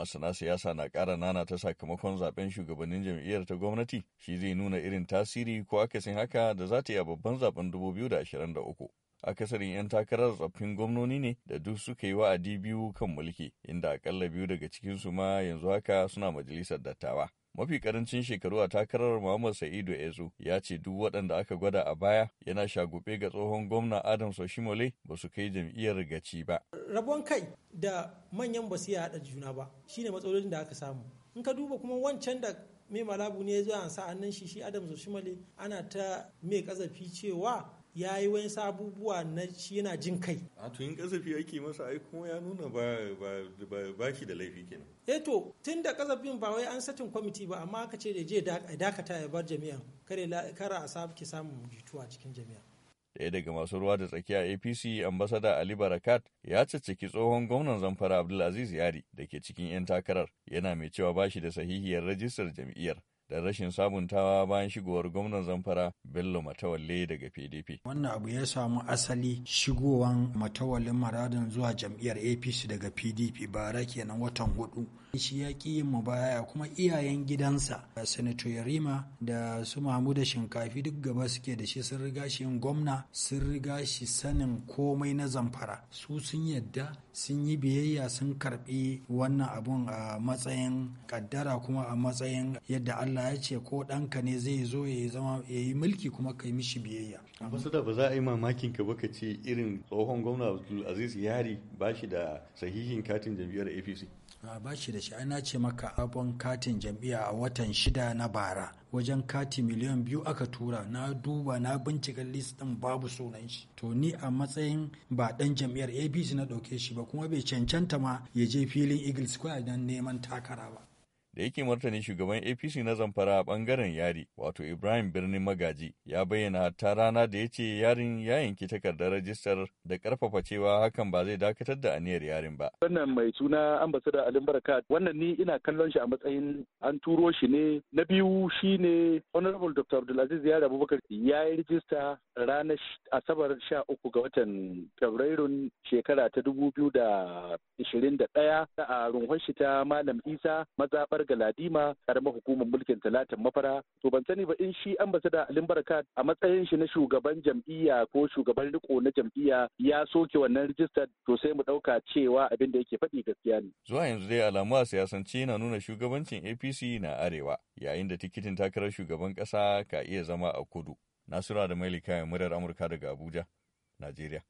Masana siyasa na ƙara nana ta sakamakon zaben shugabannin jam'iyyar ta gwamnati shi zai nuna irin tasiri ko akasin haka da za ta yi a babban zaben 2023. akasarin 'yan takarar tsoffin gwamnoni ne da duk suka yi wa'adi biyu kan mulki inda akalla biyu daga cikinsu ma yanzu haka suna majalisar dattawa mafi karancin shekaru a takarar Muhammad Sa'idu Ezo ya ce duk waɗanda aka gwada a baya yana shagube ga tsohon gwamna Adam Soshimole ba su kai jam'iyyar gaci ba. Rabon kai da manyan ba su haɗa juna ba shine matsalolin da aka samu. In ka duba kuma wancan da mai malabu ne ya zo a sa'an nan shi shi Adam Soshimole ana ta mai kazafi cewa ya yi wani abubuwa na shi yana jin kai. A to yin kasafi ake masa ai kuma ya nuna ba ba shi da laifi kenan. Eh to tun da kasafin ba wai an satin kwamiti ba amma aka ce da je dakata ya bar jami'a kare kara a sake samun jituwa cikin jami'a. Daya daga masu ruwa da tsakiya APC ambasada Ali Barakat ya cicciki tsohon gwamnan Zamfara Abdulaziz Yari da ke cikin 'yan takarar yana mai cewa bashi da sahihiyar rajistar jam'iyyar. da rashin sabuntawa bayan shigowar gwamnan zamfara bello matawalle daga pdp wannan abu ya samu asali shigowar matawalin maradin zuwa jam'iyyar apc daga pdp bara kenan watan hudu shi ya ƙi yin mubaya kuma iyayen gidansa sanato yarima da su da shinkafi duk gaba suke da shi sun riga shi yin gwamna sun riga shi sanin komai na zamfara su sun yadda sun yi biyayya sun karbi wannan abun a matsayin kaddara kuma a matsayin yadda allah ya ce ko ɗanka ne zai zo ya zama ya yi mulki kuma ka yi mishi biyayya wasu da ba za a yi mamakin ka baka ce irin tsohon gwamna aziz yari ba shi da sahihin katin jam'iyyar apc ba shi da shi ana ce maka abon katin jam'iyya a watan shida na bara wajen kati miliyan biyu aka tura na duba na bincika list din babu sunan shi to ni a matsayin ba dan jam'iyyar apc na ɗauke shi ba kuma bai cancanta ma ya je filin eagles kuna neman takara ba da yake martani shugaban apc na zamfara a bangaren yari wato ibrahim birnin magaji ya bayyana ta rana da ya ce yarin ya yanki takardar rajistar da karfafa cewa hakan ba zai dakatar da aniyar yarin ba wannan mai suna ambasada alin wannan ni ina kallon shi a matsayin an turo shi ne na biyu shi ne. honorable dr abdulaziz yari abubakar ya yi rajista ranar asabar sha uku ga watan fabrairun shekara ta dubu biyu da ishirin da a runhon shi ta Malam Isa mazaɓar Galadima karamar hukumar mulkin Talatin Mafara. To ban sani ba in shi ambasada Alin Barkat a matsayin shi na shugaban jam'iyya ko shugaban riko na jam'iyya ya soke wannan rijistar to sai mu ɗauka cewa abin da yake faɗi gaskiya ne. Zuwa yanzu dai alamu a siyasance na nuna shugabancin APC na Arewa yayin da tikitin takarar shugaban ƙasa ka iya zama a kudu. Nasura da Mailika murar Amurka daga Abuja, Najeriya.